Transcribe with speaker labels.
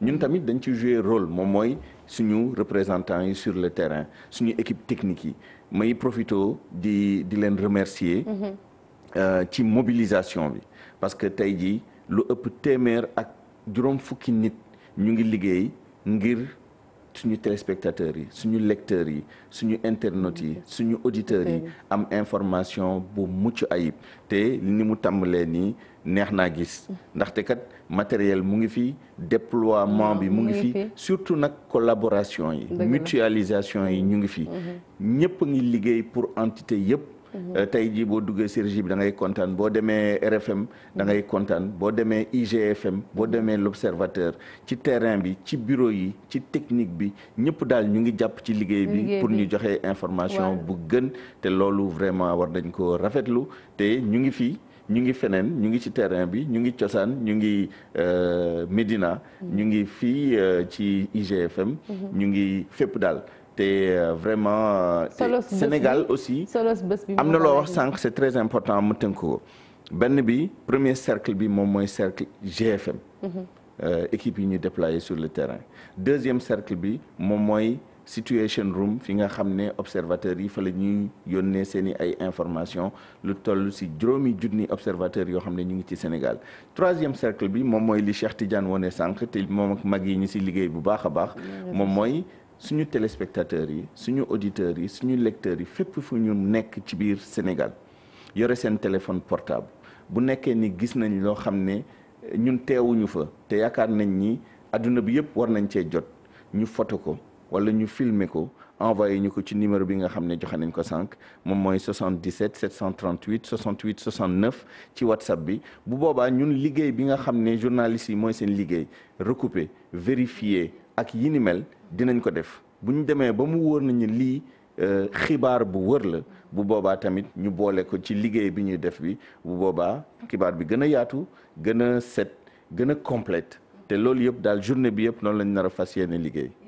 Speaker 1: ñun tamit dañ ci jouer rôle moom mooy suñu représentant yi sur le terrain suñu équipe technique yi may profito di di leen remercier mhm. euh, ci mobilisation bi parce que tey jii lu ëpp téeméer ak juróom fukki nit ñu ngi liggéey ngir suñu téléspectateurs yi suñu lecteurs yi suñu internautes yi suñu auditeurs yi am information bu mucc ayib te ni mu tàmbalee nii neex naa gis ndaxte kat matériel mu ngi fi déploiement bi mu ngi fi surtout nag collaboration yi mutualisation yi ñu ngi fi mmh. ñëpp ngi liggéey pour entité yëpp Euh, tey jii boo duggee ci bi da kontaan boo demee RFM da ngay kontaan boo demee IGFM boo demee l'Observateur ci terrain bi ci bureau yi ci technique bi ñëpp daal ñu ngi jàpp ci liggéey bi pour ñu joxe information bu gën te loolu vraiment war dañ ko rafetlu te ñu ngi fii ñu ngi feneen ñu ngi ci terrain bi ñu ngi cosaan ñu ngi euh, Médina mm-hmm. ñu ngi fii euh, ci IGFM mm-hmm. ñu ngi fépp daal te euh, vraiment. Sénégal aussi. solos bés bi am na loo wax sànq c'est très important mu tënk ko benn bi premier cercle bi moom mooy cercle GFM. Mhm. Euh, équipe yi ñu déployé sur le terrain deuxième cercle bi moom mooy situation room fi nga xam ne observateurs yi fa la ñuy yónnee seen i ay information lu toll si juróomi junni observateurs yoo xam ne ñu ngi ci Sénégal troisième cercle bi moom mooy li Cheikh Tidiane wone sànq te moom ak mag yi ñu si liggéey bu baax a baax moom mooy suñu téléspectateurs yi suñu auditeurs yi suñu lecteurs yi fépp fu ñu nekk ci biir Sénégal yore seen téléphone portable bu nekkee ni gis nañ loo xam ne eh, ñun teewuñu fa te yaakaar nañ ni adduna bi yëpp war nañ cee jot ñu foto ko wala ñu filmer ko envoyé ñu ko ci numéro bi nga xam ne joxe nañ ko sànq moom mooy 77 738 68 69 ci whatsapp bi bu boobaa ñun liggéey bi nga xam ne journalistes yi mooy seen liggéey recouper vérifier. ak yi ni mel dinañ ko def bu ñu demee ba mu wóor nañu lii euh, xibaar bu wër la bu boobaa tamit ñu boole ko ci liggéey bi ñuy def bi bu boobaa xibaar bi gën a yaatu gën a set gën a complète te loolu yëpp daal journée bi yëpp noonu lañ nar fas yéene liggéey